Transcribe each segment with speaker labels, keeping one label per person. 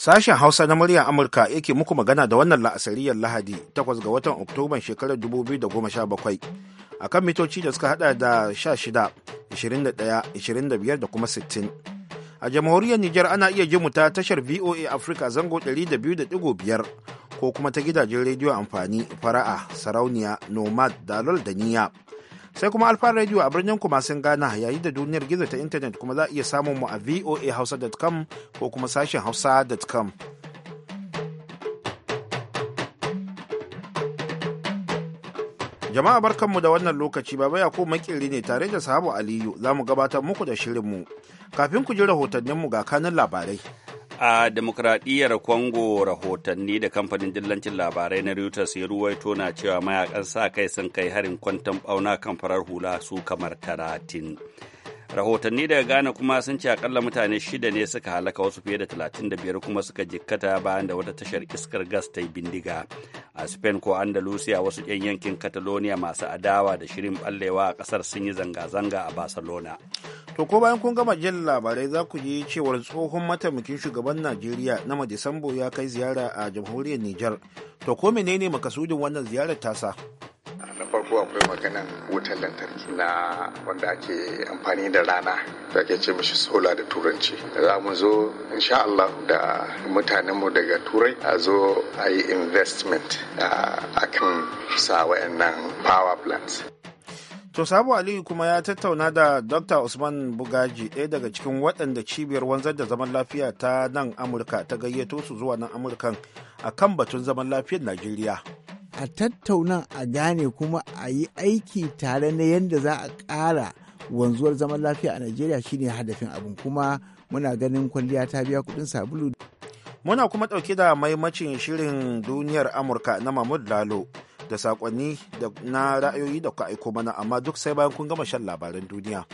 Speaker 1: Sashen Hausa na muryar Amurka yake muku magana da wannan la'asariyar Lahadi 8 ga watan Oktoban shekarar 2017 a kan mitoci da suka hada da 16, 21, 25 da kuma 60. A jamhuriyar Nijar ana iya jimu ta tashar VOA Africa zango 200.5 ko kuma ta gidajen rediyo amfani fara'a, sarauniya, nomad, dalol da niyya. sai kuma alfa radio a birnin kuma sun ghana yayin da duniyar gizo ta intanet kuma za a iya samun mu a voahausa.com ko kuma sashen hausa.com jama'a barkanmu da wannan lokaci baba yakubu makili ne tare da sahabu aliyu za mu gabatar muku da shirinmu kafin ku ji rahotanninmu ga kanin labarai
Speaker 2: a demokradiyyar congo rahotanni da kamfanin dillancin labarai na reuters ya ruwaito na cewa mayakan sa kai sun kai harin kwantan bauna kan farar hula su kamar talatin rahotanni daga ghana kuma sun ce akalla mutane shida ne suka halaka wasu fiye da 35 kuma suka jikkata bayan da wata tashar iskar gas ta yi bindiga a spain ko andalusia wasu 'yan yankin catalonia masu adawa da shirin ballewa a kasar sun yi zanga-zanga a barcelona
Speaker 1: to ko bayan kun gama jin labarai za ku ji cewar tsohon mataimakin shugaban najeriya na majisambo ya kai ziyara a jamhuriyar niger to ko menene makasudin wannan ziyarar tasa
Speaker 3: na farko akwai magana wutar lantarki na wanda ake amfani da rana da ake ce mishi sola da turanci za mu zo insha Allah da mutanenmu daga turai a zo a yi investment a kan sa wayannan power plants
Speaker 1: To Sabu Aliyu kuma ya tattauna da Dr. Usman Bugaji ɗaya daga cikin waɗanda cibiyar wanzar da zaman lafiya ta nan Amurka ta gayyato su zuwa nan Amurkan a kan batun zaman lafiyar Najeriya.
Speaker 4: a tattauna a gane kuma a yi aiki tare na yadda za a ƙara wanzuwar zaman lafiya a najeriya shine hadafin abin kuma muna ganin kwalliya ta biya kudin sabulu
Speaker 1: muna kuma ɗauke da maimacin shirin duniyar amurka na mahmud lalo da sakonni na ra'ayoyi da ku aiko mana amma duk sai bayan kun gama shan labaran duniya.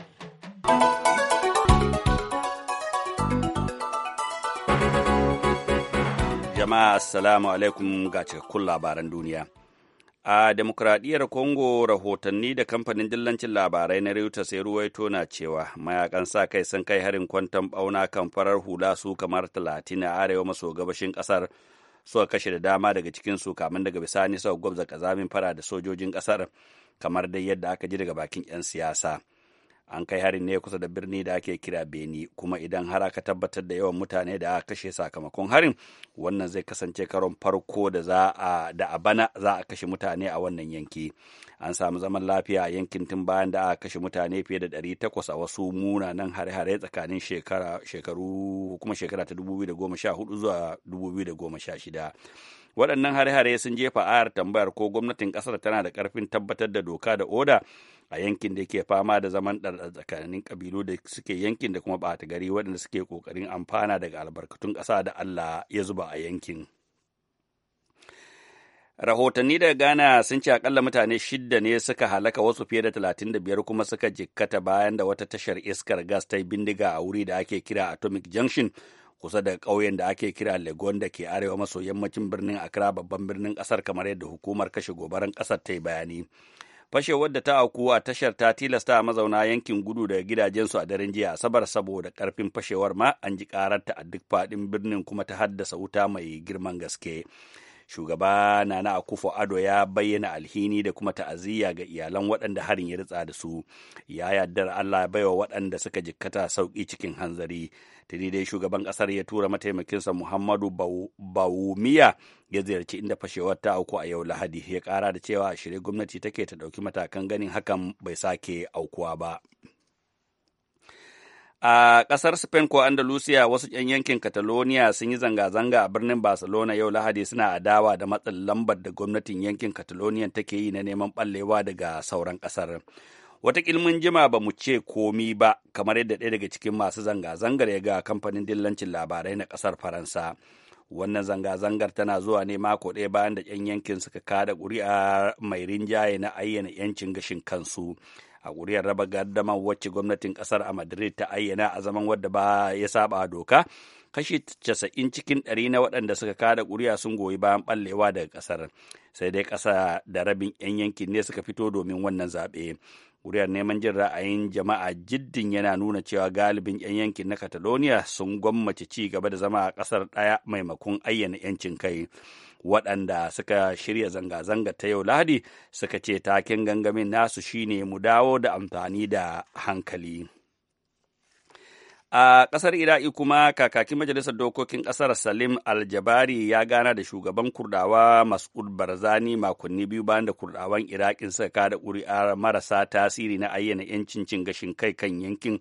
Speaker 2: Jama'a assalamu alaikum ga cikakkun labaran duniya. A demokradiyyar Congo rahotanni da kamfanin dillancin labarai na Reuters ya ruwaito na cewa mayakan sa kai sun kai harin kwantan bauna kan farar hula su kamar talatin a arewa maso gabashin kasar suka kashe da dama daga cikin su kamun daga bisani suka gwabza ƙazamin fara da sojojin kasar kamar dai yadda aka ji daga bakin 'yan siyasa. an kai harin ne kusa da birni da ake kira beni kuma idan har aka tabbatar da yawan mutane da aka kashe sakamakon harin wannan zai kasance karon farko da za a da a bana za a kashe mutane a wannan yanki an samu zaman lafiya a yankin tun bayan da aka kashe mutane fiye da 800 a wasu munanan hare-hare tsakanin shekara shekaru kuma shekara ta 2014 zuwa 2016 waɗannan hare-hare sun jefa ayar tambayar ko gwamnatin ƙasar tana da ƙarfin tabbatar da doka da oda a yankin da ke fama da zaman ɗan tsakanin ƙabilu da suke yankin da kuma ɓata gari waɗanda suke ƙoƙarin amfana daga albarkatun ƙasa da Allah ya zuba a yankin. Rahotanni daga Ghana sun ce akalla mutane shidda ne suka halaka wasu fiye da talatin da biyar kuma suka jikkata bayan da wata tashar iskar gas ta bindiga a wuri da ake kira Atomic Junction kusa da ƙauyen da ake kira Legon da ke arewa maso yammacin birnin Accra babban birnin ƙasar kamar yadda hukumar kashe gobaran ƙasar ta yi bayani. fashewar da ta auku a tashar ta tilasta a mazauna yankin gudu daga gidajensu a daren jiya asabar saboda karfin fashewar ma an ji kararta a duk faɗin birnin kuma ta haddasa wuta mai girman gaske shugaba nana akufo ado ya bayyana alhini da kuma ta'aziyya ga iyalan waɗanda harin ya ritsa da su ya yardar allah ya baiwa waɗanda suka jikkata sauƙi cikin hanzari tuni dai shugaban ƙasar ya tura mataimakinsa muhammadu bawumiya ya ziyarci inda fashewar ta auku a yau lahadi ya ƙara da cewa shirye gwamnati take ta ɗauki matakan ganin hakan bai sake aukuwa ba. A ƙasar Spain ko andalusiya wasu ‘yan yankin Catalonia sun yi zanga-zanga a birnin Barcelona yau Lahadi suna adawa da matsin lambar da gwamnatin yankin Catalonia take yi na neman ɓallewa daga sauran ƙasar. Wata ilmin jima ba mu ce komi ba kamar yadda ɗaya daga cikin masu zanga-zangar ya ga kamfanin dillancin labarai na ƙasar Faransa. wannan zanga-zangar tana zuwa ne mako ɗaya bayan da 'yan yankin suka kada ƙuri'a mai rinjaye na ayyana 'yancin gashin kansu a ƙuri'ar raba gardamar wacce gwamnatin ƙasar a madrid ta ayyana a zaman wadda ba ya saba doka kashi casa'in cikin ɗari na waɗanda suka kada ƙuri'a sun goyi bayan ɓallewa daga ƙasar sai dai ƙasa da rabin 'yan yankin ne suka fito domin wannan zaɓe Kuriyar neman jin ra'ayin jama'a jiddin yana nuna cewa galibin 'yan yankin na catalonia sun gwammace ci gaba da zama a ƙasar ɗaya maimakon ayyana 'yancin kai waɗanda suka shirya zanga-zanga ta yau lahadi suka ce taken gangamin nasu shine mu dawo da amfani da hankali. A ƙasar Iraki kuma kakakin majalisar dokokin ƙasar Salim Aljabari ya gana da shugaban Kurdawa Mas'ud Barzani makonni biyu bayan da Kurdawan Irakin suka da ƙuri'ar marasa tasiri na ayyana 'yancin cin gashin kai kan yankin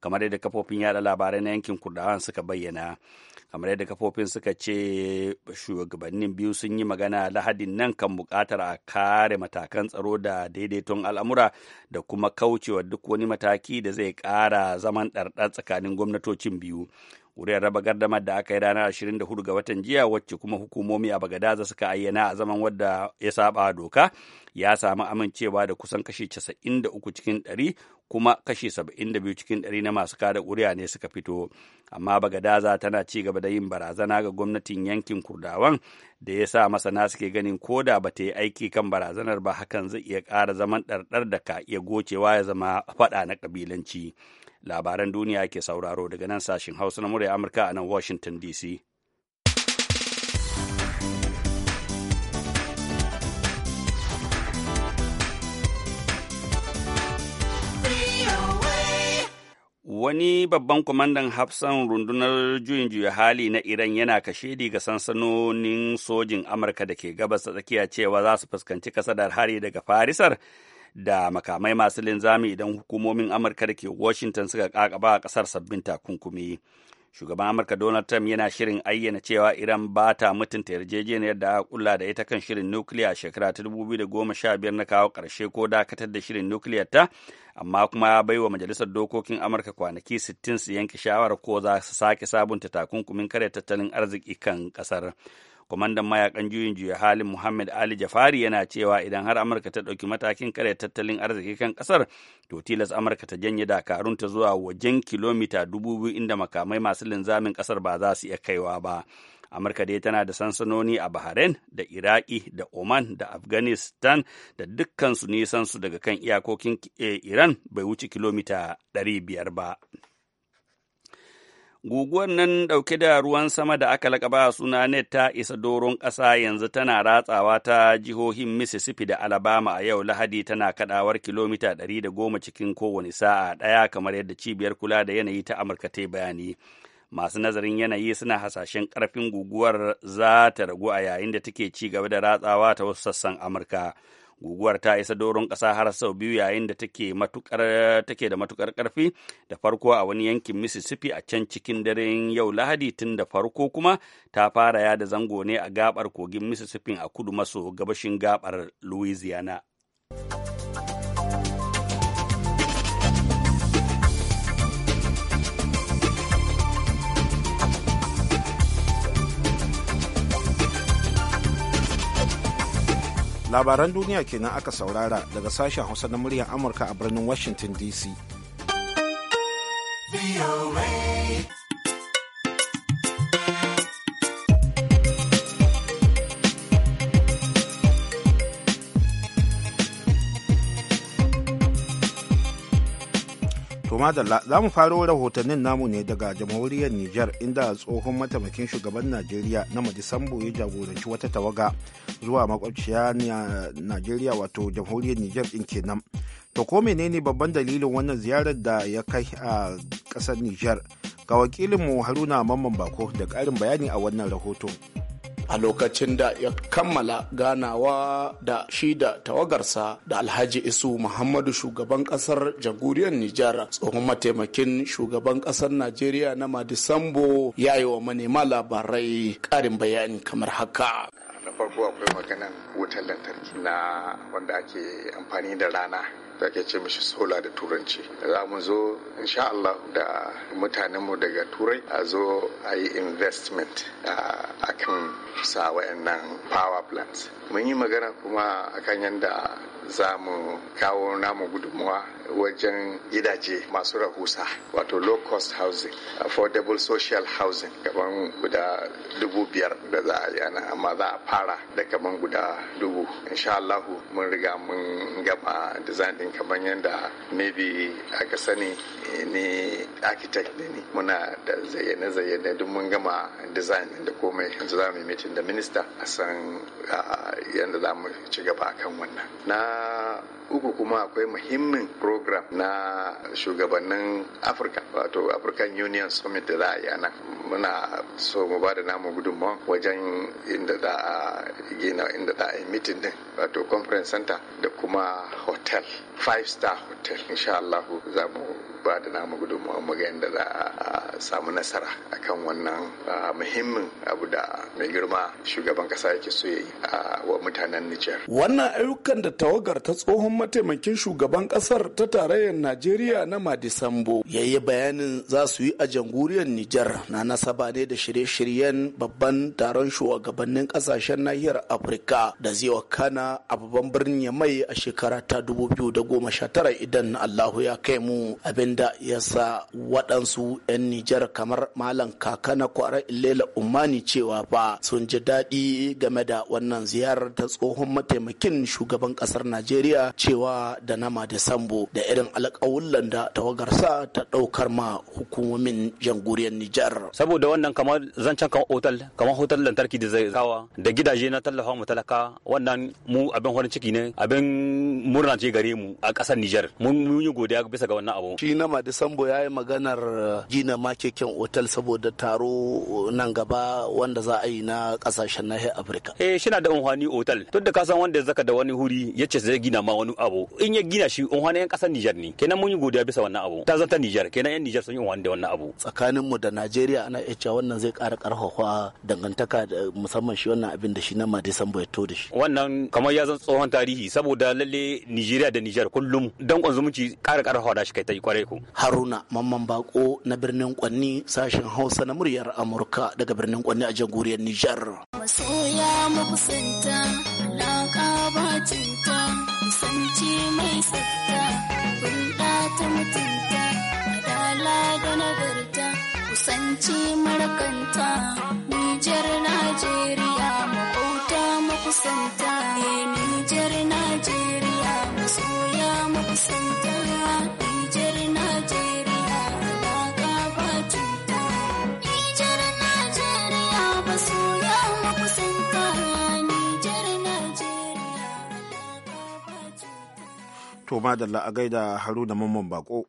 Speaker 2: kamar yadda kafofin yada labarai na yankin Kurdawan suka bayyana. kamar yadda kafofin suka ce shugabannin biyu sun yi magana lahadin nan kan bukatar a kare matakan tsaro da daidaiton al'amura da kuma kaucewa duk wani mataki da zai kara zaman ɗarɗar tsakanin gwamnatocin biyu Ƙuri'ar raba gardamar da aka yi ranar 24 ga watan jiya wacce kuma hukumomi a Bagadaza suka ayyana a zaman wadda ya saba doka ya samu amincewa da kusan kashi 93 cikin 100 kuma kashi 72 cikin 100 na masu kada ƙuri'a ne suka fito. Amma Bagadaza tana ci gaba da yin barazana ga gwamnatin yankin Kurdawan da ya sa masana suke ganin ko da ba ta yi aiki kan barazanar ba hakan zai iya ƙara zaman ɗarɗar da ka iya gocewa ya zama faɗa na ƙabilanci. labaran duniya ke sauraro daga nan sashin hausa na murya amurka a nan washington dc wani babban kwamandan hafsan rundunar juyin juya hali na iran yana kashedi ga sansanonin sojin amurka da ke gabas ta tsakiya cewa za su fuskanci kasadar hari daga farisar da makamai masu linzami idan hukumomin amurka da ke washington suka kakaba a kasar sabbin takunkumi shugaban amurka donald trump yana shirin ayyana cewa iran ba ta mutunta yarjejeniyar da aka kulla da ita kan shirin nukiliya shekara ta biyar na kawo karshe ko dakatar da shirin nukiliyar ta amma kuma ya bai wa majalisar dokokin amurka kwanaki sittin su yanke shawarar ko za su sake sabunta takunkumin kare tattalin arziki kan ƙasar. kwamandan mayakan juyin juya halin muhammad ali jafari yana cewa idan har amurka ta ɗauki matakin kare tattalin arziki kan ƙasar to tilas amurka ta janye dakarunta zuwa wajen kilomita dubu biyu inda makamai masu linzamin ƙasar ba za su iya kaiwa ba amurka dai tana da sansanoni a bahrain da iraki da oman da afghanistan da dukkansu nisansu daga kan iyakokin eh, iran bai wuce kilomita 500 ba Guguwar nan ɗauke da ruwan sama da aka lakaba suna net ta isa doron ƙasa yanzu tana ratsawa ta jihohin Mississippi da Alabama a yau Lahadi tana kaɗawar kilomita da ɗari goma cikin kowane sa'a ɗaya kamar yadda cibiyar kula da yanayi ta Amurka ta bayani. Masu nazarin yanayi suna hasashen ƙarfin guguwar za ta ragu a yayin da take ci gaba da ratsawa ta wasu sassan Amurka. guguwar ta isa doron ƙasa har sau biyu yayin da take da matukar ƙarfi da farko a wani yankin mississippi a can cikin daren yau lahadi tun da farko kuma ta fara yada zango ne a gabar kogin mississippi a kudu maso gabashin gabar louisiana
Speaker 1: labaran duniya kenan aka saurara daga sashen hausa na muryar amurka a birnin washington dc kuma da za mu faro rahotannin namu ne daga jamhuriyar Nijar inda tsohon mataimakin shugaban Najeriya na Majisambo ya jagoranci wata tawaga zuwa makwabciya Najeriya wato jamhuriyar Nijar din kenan. To ko menene babban dalilin wannan ziyarar da ya kai a ƙasar Nijar? Ga wakilinmu
Speaker 5: Haruna Mamman Bako da ƙarin bayani a wannan rahoton. a lokacin da ya kammala ganawa da shi da tawagarsa da alhaji isu muhammadu shugaban kasar jamhuriyar nijar tsohon mataimakin shugaban kasar najeriya na madisambo ya yi wa manema labarai karin bayani kamar haka na
Speaker 3: farko akwai maganan wutar lantarki na wanda ake amfani da rana da ake ce mishi sola da turanci za mu zo insha Allah da mutanenmu daga turai a zo a yi investment a kan sa wayannan power plants mun yi magana kuma akan yadda za mu kawo namu gudunmuwa wajen gidaje masu rahusa wato low cost housing affordable social housing gaban guda dubu biyar da za a yi ana amma za a fara da gaban guda dubu insha Allahu mun riga mun gama design din kaman yadda maybe aka sani eh, ni architect ne ni muna da zayyane zayyane duk mun gama design da komai yanzu za mu yi meeting da minista a san ah, yadda za mu ci gaba kan wannan na uh, uku kuma akwai muhimmin program na shugabannin afirka wato african union summit da za a yi nan muna so mu ba da namu gudunmawa wajen inda za a gina inda za a yi mitin din wato conference center da kuma hotel five star hotel insha Allah za mu ba da namu gudunmawa mu ga inda za a samu nasara akan wannan muhimmin abu da mai girma shugaban kasa yake so ya yi wa mutanen Nijar.
Speaker 5: Wannan ayyukan da tawagar ta tsohon mataimakin shugaban kasar ta tarayyar najeriya na madisambo ya yi bayanin za su yi a jamhuriyar nijar na nasaba ne da shirye-shiryen babban taron shugabannin kasashen nahiyar afirka da zai wakana a babban birnin ya mai a shekara ta 2019 idan allahu ya kai mu da ya sa waɗansu 'yan nijar kamar malam kaka na kwarar ilela umani cewa ba sun ji daɗi game da wannan ziyarar ta tsohon mataimakin shugaban ƙasar najeriya cewa da nama da sambo da irin alƙawullan da tawagarsa ta ɗaukar ma hukumomin jamhuriyar Nijar. Saboda wannan kamar zancen kamar otal, kamar hotel lantarki da zai kawa da gidaje na tallafa mu
Speaker 2: talaka wannan mu abin horin ciki ne abin murna ce gare mu a ƙasar Nijar. Mun yi godiya bisa ga wannan
Speaker 5: abu. Shi nama da sambo ya yi maganar uh, gina makeken otal saboda taro uh, nan gaba wanda za a yi na ƙasashen nahiyar Afirka.
Speaker 2: Eh shi na da unhwani otal. Tun da ka kasan wanda zaka da wani huri ya ce zai gina ma wani abu in ya gina shi wani yan kasar Nijar ne kenan mun yi godiya bisa wannan abu ta zata Nijar kenan yan Nijar sun yi wani da wannan abu
Speaker 5: tsakanin mu da Najeriya ana iya cewa wannan zai ƙara karfafa dangantaka da musamman shi wannan abin da shi na Madisan to da shi
Speaker 2: wannan kamar ya zan tsohon tarihi saboda lalle Nijeriya da Nijar kullum dankon zumunci ƙara karfafa da shi kai ta yi kwarai ko Haruna
Speaker 5: Mamman Bako na birnin Kwanni sashen Hausa na muryar Amurka daga birnin Kwanni a jamhuriyar Nijar masoya kusanta kusance mai tsafta hulɗa ta mutunta adala da nagarta kusance marakanta nijar najeriya makauta makusanta eh, nijar najeriya masoya makusanta
Speaker 1: to madalla a gaida haruna mamman bako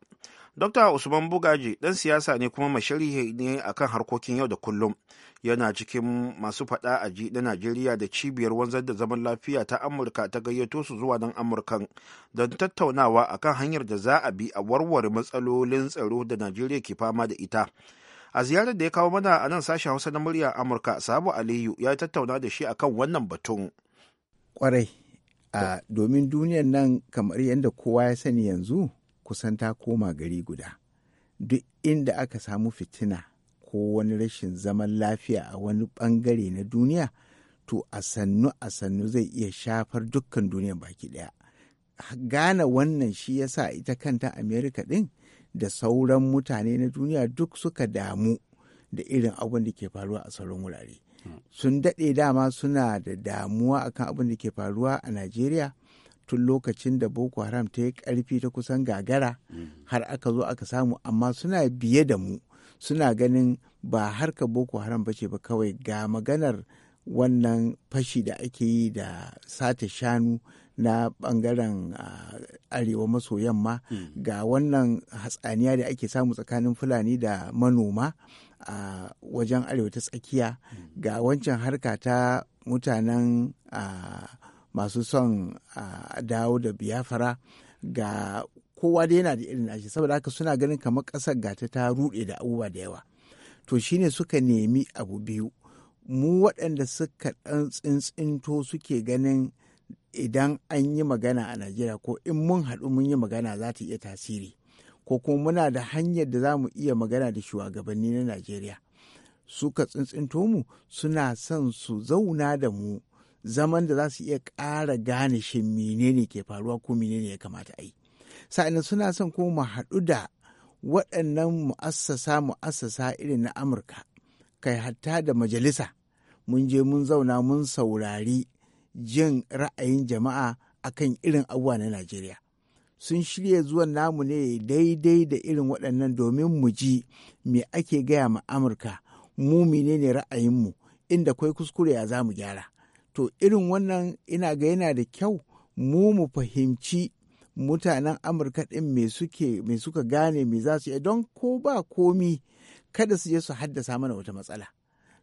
Speaker 1: Dr. Usman Bugaji ɗan siyasa ne kuma masharihi ne akan harkokin yau da kullum. Yana cikin masu faɗa a ji na Najeriya da cibiyar wanzar da zaman lafiya ta Amurka ta gayyato su zuwa nan Amurkan don tattaunawa akan hanyar da za a bi a warware matsalolin tsaro da Najeriya ke fama da ita. A ziyarar da ya kawo mana a nan sashen Hausa na murya Amurka, Sabu Aliyu ya tattauna da shi akan wannan batun.
Speaker 4: Kwarai, a domin duniyar nan kamar yadda kowa ya sani yanzu kusan ta koma gari guda duk inda aka samu fitina ko wani rashin zaman lafiya a wani bangare na duniya to a sannu a sannu zai iya shafar dukkan duniya baki daya gane wannan shi yasa ita kanta amerika din da sauran mutane na duniya duk suka damu da irin abin da ke faruwa a sauran wurare sun daɗe dama suna da damuwa akan abin da ke faruwa a najeriya tun lokacin da boko haram ta yi ƙarfi ta kusan gagara har aka zo aka samu amma suna biye da mu suna ganin ba harka boko haram ba ce ba kawai ga maganar wannan fashi da ake yi da sata shanu na bangaren ah, arewa maso yamma hmm. ga wannan hatsaniya da ake samu tsakanin fulani da manoma a ah, wajen arewa ta tsakiya hmm. ga wancan harka ta mutanen ah, masu son dawo da biyafara ga kowa da yana da irin nashi saboda haka suna ganin kamar ƙasar gata ta ruɗe da abubuwa da yawa to shine suka nemi abu biyu mu waɗanda suka ɗan tsintsinto suke ganin idan an yi magana a najeriya ko in mun haɗu mun yi magana za ta iya tasiri ko kuma muna da hanyar da za mu iya magana da shugabanni na najeriya suka tsintsinto mu suna son su zauna da mu zaman da za su iya ƙara gane shi menene ke faruwa ko menene ya kamata a yi sa'ina suna son kuma mu haɗu da waɗannan mu'assasa mu'assasa irin na amurka kai hatta da majalisa mun je mun zauna mun saurari jin ra'ayin jama'a akan irin abubuwa na Najeriya. Sun shirya zuwan namu ne daidai da irin waɗannan domin mu ji me ake gaya ma Amurka, mu ne ra'ayinmu inda kwai kuskure ya za mu gyara. To irin wannan ina ga yana da kyau mu mu fahimci mutanen Amurka ɗin me suke me suka gane me za su yi don ko ba komi kada su je su haddasa mana wata matsala.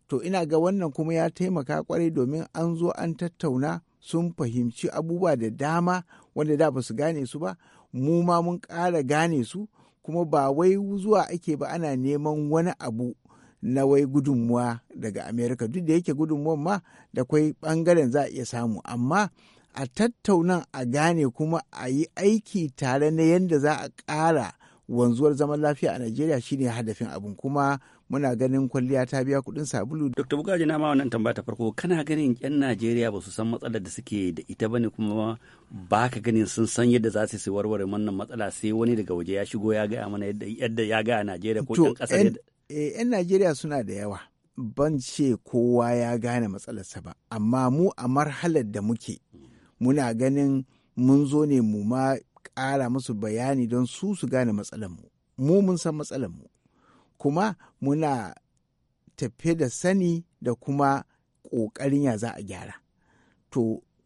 Speaker 4: to ina ga wannan kuma ya taimaka kwarai domin an zo an tattauna sun fahimci abubuwa da dama wanda da ba su gane su ba mu ma mun kara gane su kuma ba wai zuwa ake ba ana neman wani abu na wai gudunmuwa daga amerika duk da yake gudunmuwan ma da kwai bangaren za a iya samu amma a tattaunan a gane kuma a yi aiki tare na yadda za a ƙara wanzuwar zaman lafiya a najeriya shine hadafin abin kuma muna ganin kwalliya ta biya kuɗin sabulu.
Speaker 2: Dr. Bugaji na ma wannan tambaya ta farko kana ganin 'yan Najeriya ba su san matsalar da suke da ita bane kuma ba ka ganin sun san yadda za su warware wannan matsala sai wani daga waje ya shigo ya gaya mana yadda ya gaya Najeriya ko 'yan ƙasar. 'Yan
Speaker 4: eh, Najeriya suna da yawa. Ban ce kowa ya gane matsalarsa ba, amma mu a marhalar da muke muna ganin mun zo ne mu ma kara musu bayani don su su gane matsalar mu. Mu mun san matsalar mu. kuma muna tafe da sani da kuma ƙoƙarin ya za a gyara to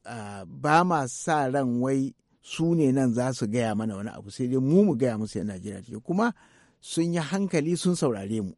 Speaker 4: uh, ba ma sa ran wai su ne nan za su gaya mana wani abu sai dai mu mu gaya musu yana jira ce kuma sun yi hankali sun saurare mu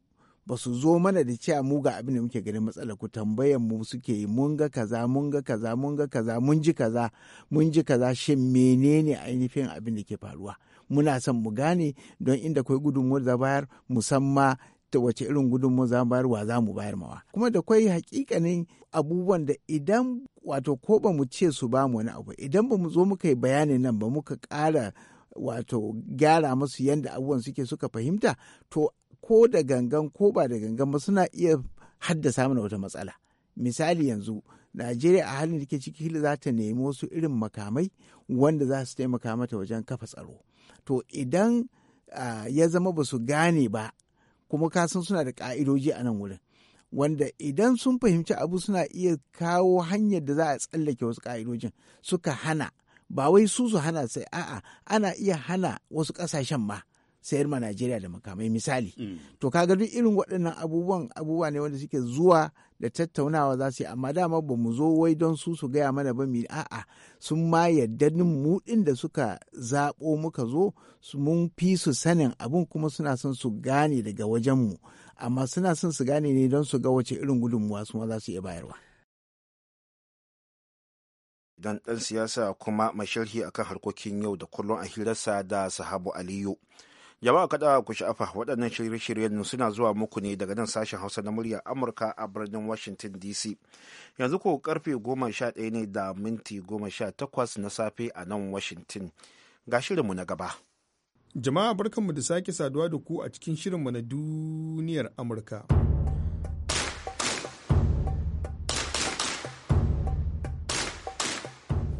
Speaker 4: ba su zo mana da cewa mu ga abin da muke ganin matsala ku tambayan mu suke yi mun ga kaza mun ga kaza mun ga kaza mun ji kaza mun ji kaza shin menene ainihin abin da ke faruwa muna son mu gane don inda kwai gudunmuwar za bayar musamman ta wace irin gudunmuwar za bayar wa za mu bayar mawa kuma da kwai hakikanin abubuwan da idan wato ko ba mu ce su ba mu wani abu idan ba mu zo muka yi bayanin nan ba muka ƙara wato gyara musu yadda abubuwan suke suka fahimta to ko da gangan ko ba da gangan ba suna iya haddasa mana wata matsala misali yanzu najeriya a halin da ke ciki za ta nemi wasu irin makamai wanda za su taimaka mata wajen kafa tsaro to idan ya zama ba su gane ba kuma kasan suna da ka'idoji a nan wurin wanda idan sun fahimci abu suna iya kawo hanyar da za a tsallake wasu ka'idojin suka hana ba wai su su hana sai a'a ana iya hana wasu ƙasashen ma sayar ma Najeriya da makamai misali. Mm. To kaga duk irin waɗannan abubuwan abubuwa ne wanda suke zuwa da tattaunawa za su yi amma dama ba mu zo wai don su su gaya mana ba mu a'a sun ma yarda din mu din da suka zaɓo muka zo su mun fi su sanin abun kuma suna son su gane daga wajen mu amma suna son su gane ne don su ga wace irin gudunmuwa su ma za su iya bayarwa.
Speaker 1: Dan ɗan siyasa kuma mai akan harkokin yau da kullum a hirarsa da sahabu aliyu jama'a kada ku sha'afa waɗannan shirye-shiryen suna zuwa muku ne daga nan sashen hausa na muryar amurka a birnin washington dc yanzu ko karfe goma sha ɗaya ne da minti goma sha takwas na safe a nan washington ga shirinmu na gaba jama'a barkanmu da sake saduwa da ku a cikin shirinmu na duniyar amurka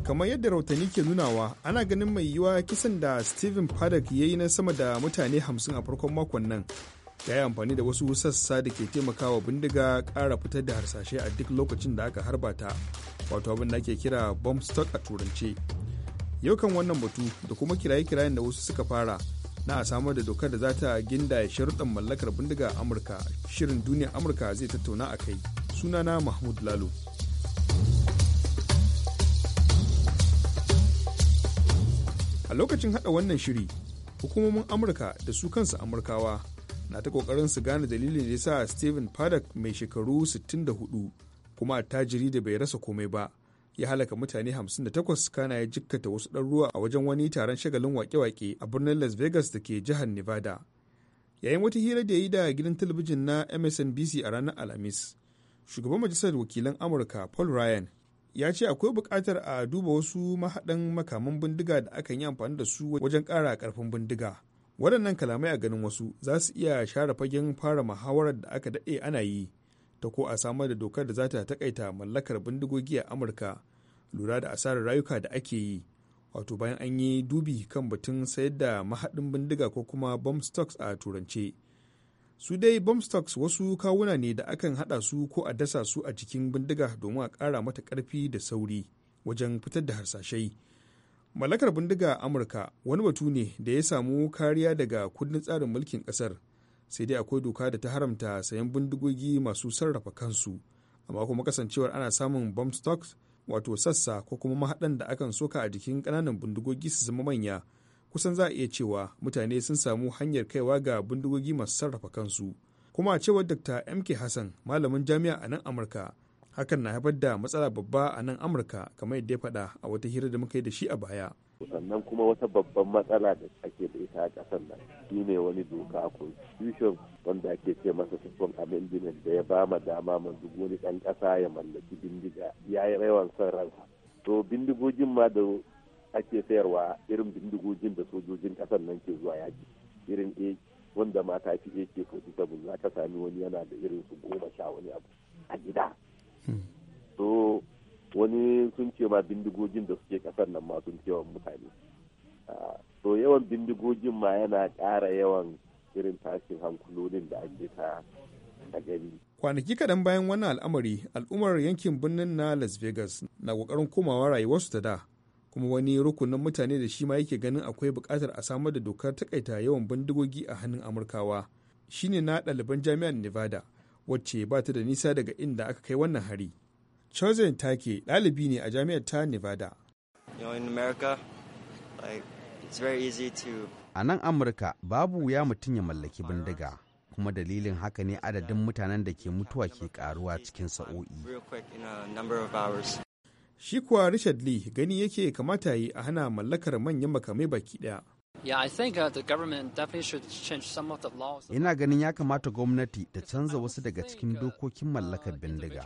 Speaker 6: kamar yadda rautani ke nunawa ana ganin mai yiwuwa kisan da steven paddock ya yi na sama da mutane 50 a farkon makon nan ya yi amfani da wasu sassa da ke taimakawa bindiga kara fitar da harsashe a duk lokacin da aka harba ta wato abin da ake kira bomb stock a turance yau kan wannan batu da kuma kiraye-kirayen da wasu suka fara na a samar da dokar da za ta ginda sharuɗan mallakar bindiga amurka shirin duniyar amurka zai tattauna a kai sunana mahmud lalu. a lokacin hada wannan shiri hukumomin amurka da su kansu amurkawa na ta kokarin su gane dalilin da ya sa stephen paddock mai shekaru 64 kuma tajiri da bai rasa komai ba ya halaka mutane 58 kana ya jikkata wasu ɗan ruwa a wajen wani taron shagalin wake-wake a birnin las vegas da ke jihar nevada yayin wata hira da ya yi da gidan talabijin na msnbc a ranar alhamis shugaban majalisar wakilan amurka paul ryan ya ce akwai buƙatar a duba wasu mahaɗan makaman bindiga da aka yi amfani da su wajen ƙara ƙarfin bindiga waɗannan kalamai a ganin wasu za su iya share fagen fara muhawarar da aka daɗe ana yi ta ko a samar da dokar da za ta takaita mallakar bindigogi a amurka lura da asarar rayuka da ake yi wato bayan an yi dubi kan batun sayar da mahaɗin bindiga ko kuma bomb stocks a turance su dai bomb stocks wasu kawuna ne da akan hada su ko a dasa su a cikin bindiga domin a kara mata karfi da sauri wajen fitar da harsashai mallakar bindiga a amurka wani batu ne da ya samu kariya daga kudin tsarin mulkin kasar sai dai akwai doka da ta haramta sayan bindigogi masu sarrafa kansu amma kuma kasancewar ana samun bomb stocks wato sassa ko kuma mahaɗan da akan soka a jikin ƙananan bindigogi su zama manya kusan za a iya cewa mutane sun samu hanyar kaiwa ga bindigogi masu sarrafa kansu kuma a cewar dr mk hassan malamin jami'a a nan amurka hakan na haifar da matsala babba a nan amurka kamar yadda ya faɗa a wata hira da muka yi da shi a baya
Speaker 2: sannan kuma wata babban matsala da ake da ita a ƙasar nan shi ne wani doka a constitution wanda ake ce masa sufon amendment da ya ba ma dama ma duk wani ɗan ƙasa ya mallaki bindiga ya yi rawan son ransa to bindigogin ma da ake sayarwa irin bindigogin da sojojin kasar nan ke zuwa yaki irin a wanda mata fi ak 47 za ka sami wani yana da irin su goma sha wani abu a gida hmm. so wani sun ce ma bindigogin da suke kasar nan ma sun yawan mutane ah, so yawan bindigogin ma yana kara yawan irin tashin hankulolin da ake ta a gani
Speaker 6: kwanaki kaɗan bayan wannan al'amari al'ummar yankin birnin na las vegas na ƙoƙarin komawa rayuwarsu ta da kuma wani rukunin mutane da shi ma yake ganin akwai bukatar a samar da dokar takaita yawan bindigogi a hannun amurkawa shine na ɗaliban jami'ar nevada wacce ba ta da nisa daga inda aka kai wannan hari chosen take ɗalibi ne a jami'ar ta nevada a nan amurka babu wuya mutum ya mallaki bindiga kuma dalilin haka ne adadin mutanen da ke mutuwa ke karuwa cikin sa'o'i Shi kuwa Richard Lee gani yake kamata yi a hana mallakar manyan makamai baki ɗaya. Uh, Ina ganin ya kamata gwamnati ta canza wasu daga cikin dokokin mallakar bindiga.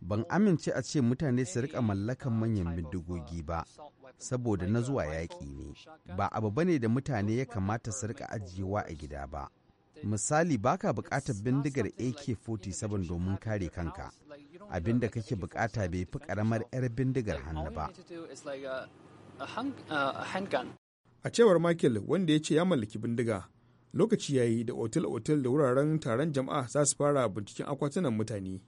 Speaker 6: Ban amince a ce mutane su rika mallakar manyan bindigogi ba, saboda na zuwa yaƙi ne. Ba abu bane da mutane ya kamata su rika ajiyewa a gida ba. Misali baka bukatar bindigar AK-47 domin kare kanka, abin da kake bukata bai fi karamar 'yar bindigar hannu ba a cewar michael wanda ya ce ya mallaki bindiga lokaci ya yi da otel-otel da wuraren taron jama'a za su fara binciken akwatunan mutane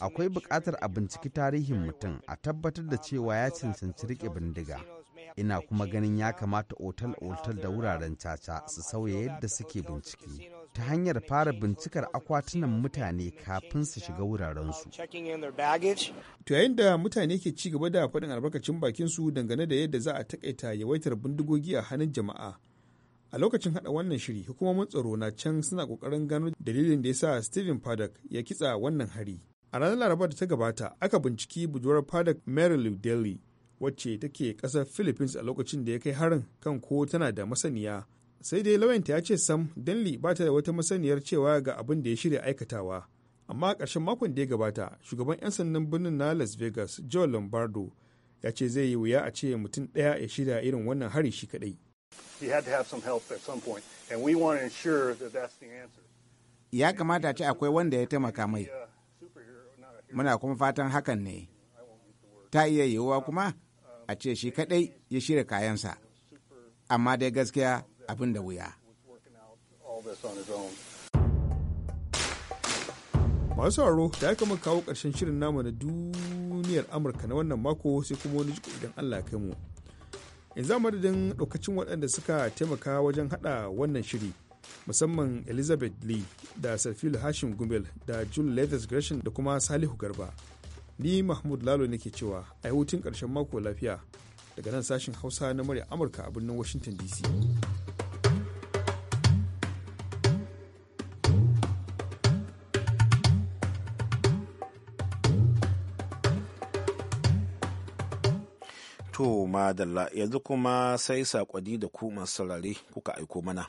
Speaker 6: akwai bukatar a binciki tarihin mutum a tabbatar da cewa ya cancanci riƙe bindiga ina kuma ganin ya kamata otal-otal da wuraren caca su sauya yadda suke bincike ta hanyar fara bincikar akwatunan mutane kafin su shiga wurarensu. To yayin da mutane ke ci gaba da faɗin albarkacin su dangane da yadda za a takaita yawaitar bindigogi a hannun jama'a. A lokacin haɗa wannan shiri, hukumomin tsaro na can suna ƙoƙarin gano dalilin da ya sa Stephen Paddock ya kitsa wannan hari. A ranar Laraba da ta gabata, aka binciki budurwar Paddock Mary Lou wacce take kasar philippines a lokacin da ya kai harin kan ko tana da masaniya sai dai lauyanta ya ce sam danli ba ta da wata masaniyar cewa ga abin da ya shirya aikatawa amma a ƙarshen makon da ya gabata shugaban 'yan sandan birnin na las vegas joe lombardo ya ce zai yi wuya a ce mutum ɗaya ya shirya irin wannan hari shi kaɗai
Speaker 4: ya kamata ce akwai wanda ya taimaka mai muna kuma fatan hakan ne ta iya yiwuwa kuma a ce shi kadai ya shirya kayansa amma dai gaskiya abin da wuya
Speaker 6: masu sauraro da aka muka kawo ƙarshen shirin namu na duniyar amurka na wannan mako sai kuma wani jiko idan allah kai mu yanzu madadin ɗaukacin waɗanda suka taimaka wajen haɗa wannan shiri musamman elizabeth lee da sarfilu hashim gumbel da jule lethes gresham da kuma salihu garba ni mahmud lalo nake cewa a yi hutun ƙarshen mako lafiya daga nan sashen hausa na murya amurka a birnin washington dc
Speaker 1: to madalla yanzu kuma sai saƙwadi da ku masu saurare kuka aiko mana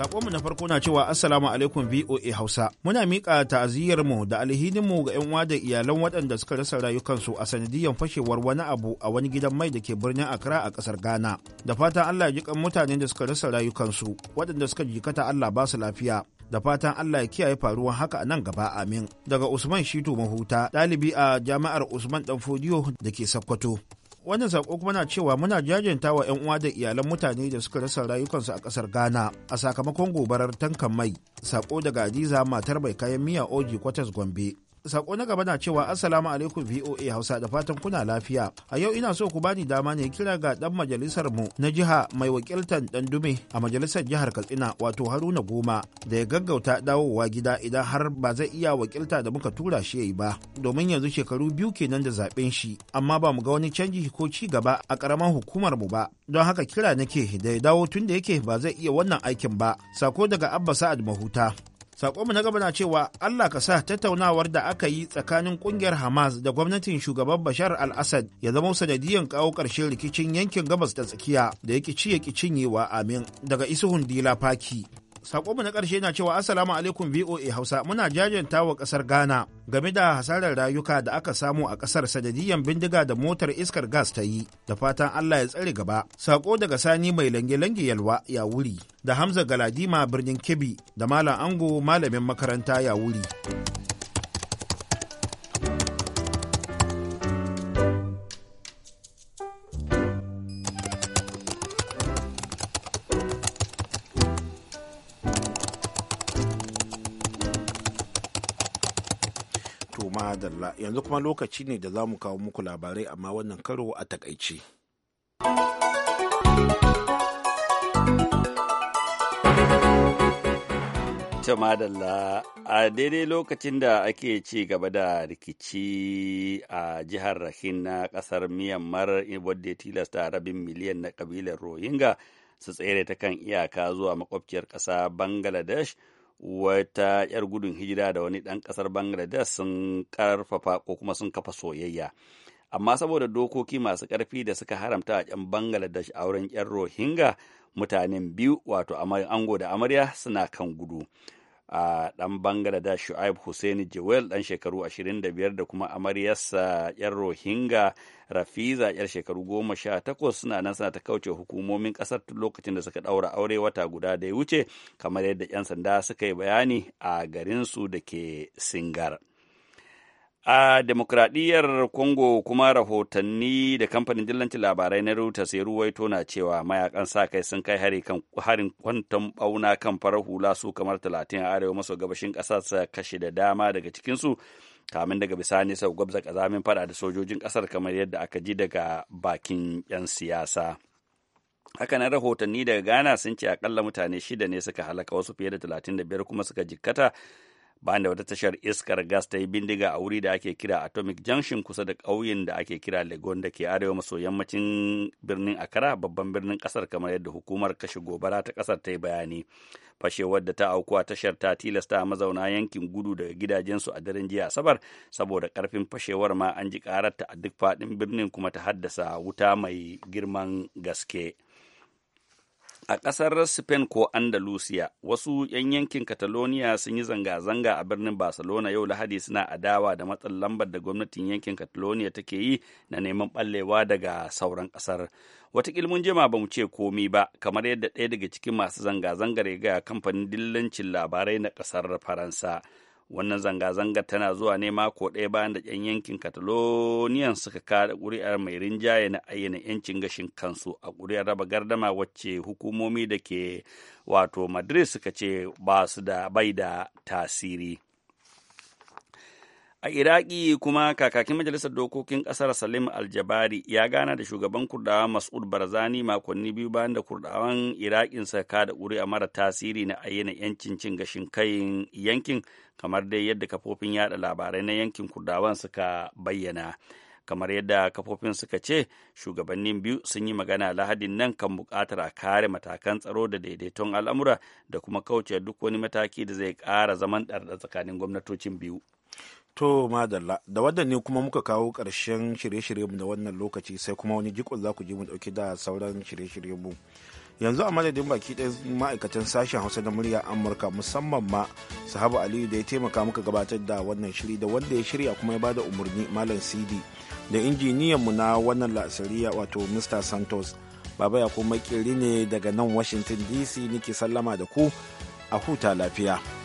Speaker 1: Sakonmu na farko na cewa Assalamu alaikum VOA Hausa. Muna miƙa mu da alhininmu ga 'yan uwa da iyalan waɗanda suka rasa rayukansu a sanadiyyar fashewar wani abu a wani gidan mai da ke birnin Accra a ƙasar Ghana. Da fatan Allah ya jikan mutanen da suka rasa rayukansu, waɗanda suka jikata Allah ba su lafiya. Da fatan Allah ya kiyaye faruwan haka a nan gaba amin. Daga Usman Shitu Mahuta, ɗalibi a Jami'ar Usman Danfodiyo da ke Sokoto. wannan sako kuma na cewa muna jajanta wa 'yan uwa da iyalan mutane da suka rasa rayukansu a ƙasar ghana a sakamakon gobarar tankan mai saƙo daga adiza matar mai kayan miya oji kwatas gombe sako na gaba na cewa assalamu alaikum voa hausa da fatan kuna lafiya a yau ina so ku bani dama ne kira ga dan majalisar mu na jiha mai wakiltan dan dume a majalisar jihar katsina wato haruna goma da ya gaggauta dawowa gida idan har ba zai iya wakilta da muka tura shi yayi ba domin yanzu shekaru biyu kenan da zaben shi amma ba mu ga wani canji ko ci gaba a karaman hukumar mu ba don haka kira nake da ya dawo tunda yake ba zai iya wannan aikin ba sako daga abba sa'ad mahuta Sakonmu na gaba na cewa Allah ka sa tattaunawar da aka yi tsakanin kungiyar Hamas da gwamnatin shugaban Bashar al-Assad ya zama sanadiyan kawo ƙarshen rikicin yankin gabas da tsakiya da yake ci ya cinyewa amin daga isuhun dila faki. sako mu na ƙarshe na cewa Assalamu alaikum VOA Hausa muna jajanta wa ƙasar Ghana game da hasarar rayuka da aka samu a ƙasar sadadiyan bindiga da motar iskar gas ta yi da fatan Allah ya tsare gaba. Sako daga Sani mai lange-lange yalwa ya wuri da Hamza Galadima birnin Kebbi da Malam Ango malamin makaranta ya wuri. To madalla yanzu kuma lokaci ne da za mu kawo muku labarai amma wannan karo a takaici.
Speaker 2: ta madalla a daidai lokacin da ake ci gaba da rikici a jihar rahin na kasar myanmar wadda ya tilasta rabin miliyan na kabilar rohingya su tsere ta kan iyaka zuwa makwabciyar ƙasa bangladesh wata 'yar gudun hijira da wani ɗan ƙasar bangladesh sun ƙarfafa ko kuma sun kafa soyayya amma saboda dokoki masu ƙarfi da suka haramta a 'yan bangladesh wurin 'yan rohingya mutanen biyu wato ango da amarya suna kan gudu a ɗan Bangladesh Shu'aib Hussaini Jewel ɗan shekaru 25 da kuma amaryarsa ‘yar Rohingya Rafiza ‘yar shekaru 18 suna nan suna ta kauce hukumomin ƙasar tun lokacin da suka ɗaura aure wata guda da ya wuce kamar yadda ‘yan sanda suka yi bayani a garinsu da ke Singar. a demokradiyyar congo kuma rahotanni da kamfanin dillanci labarai na reuters ya ruwaito na cewa mayakan sa kai sun kai hari kan harin kwantan bauna kan farar hula su kamar talatin a arewa maso gabashin kasar sa kashe da dama daga cikinsu kamin daga bisani sau gwabza kazamin fada da sojojin kasar kamar yadda aka ji daga bakin 'yan siyasa hakanan rahotanni daga ghana sun ce akalla mutane shida ne suka halaka wasu fiye da talatin da 35 kuma suka jikkata bayan da wata tashar iskar gas ta yi bindiga a wuri da ake kira atomic junction kusa da ƙauyen da ake kira legon da ke arewa maso yammacin birnin akara babban birnin ƙasar kamar yadda hukumar kashe gobara ta kasar ta yi bayani fashewar da ta auku a tashar ta tilasta mazauna yankin gudu daga gidajensu a daren jiya asabar saboda karfin fashewar ma an ji kararta a duk faɗin birnin kuma ta haddasa wuta mai girman gaske. A ƙasar Spain ko Andalusia, wasu 'yan yankin Catalonia sun yi zanga-zanga a birnin Barcelona yau Lahadi suna adawa da matsin lambar da gwamnatin yankin Catalonia take yi na neman ɓallewa daga sauran ƙasar. wata mun jima ba mu ce komi ba, kamar yadda ɗaya daga cikin masu zanga-zangar ya gaya kamfanin dillancin labarai na ƙasar Faransa. wannan zanga-zanga tana zuwa ne mako ɗaya bayan da 'yan yankin kataloniyan suka kada ƙuri'ar mai rinjaye na ayyana 'yancin gashin kansu a ƙuri'ar raba gardama wacce hukumomi da ke wato madrid suka ce ba su da bai da tasiri a iraki kuma kakakin majalisar dokokin kasar salim aljabari ya gana da shugaban kurdawa mas'ud barzani makonni biyu bayan da kurdawan irakin da kada a mara tasiri na ayyana yancin cin gashin kayin yankin kamar dai yadda kafofin yada labarai na yankin kurdawan suka bayyana kamar yadda kafofin suka ce shugabannin biyu sun yi magana lahadin nan kan bukatar a kare matakan tsaro da daidaiton al'amura da kuma kauce duk wani mataki da zai ƙara zaman ɗarɗa tsakanin gwamnatocin biyu. To
Speaker 1: madalla da wannan ne kuma muka kawo ƙarshen shirye-shiryenmu da wannan lokaci sai kuma wani jikon za ku ji mu ɗauki da sauran shirye mu Yanzu a madadin baki ɗaya ma'aikatan sashen Hausa da murya Amurka musamman ma sahabu Aliyu da ya taimaka muka gabatar da wannan shiri da wanda ya shirya kuma ya bada umarni Malam Sidi da injiniyan mu na wannan lasariya wato Mr. Santos. Baba ya kuma ne daga nan Washington DC nike sallama da ku a huta lafiya.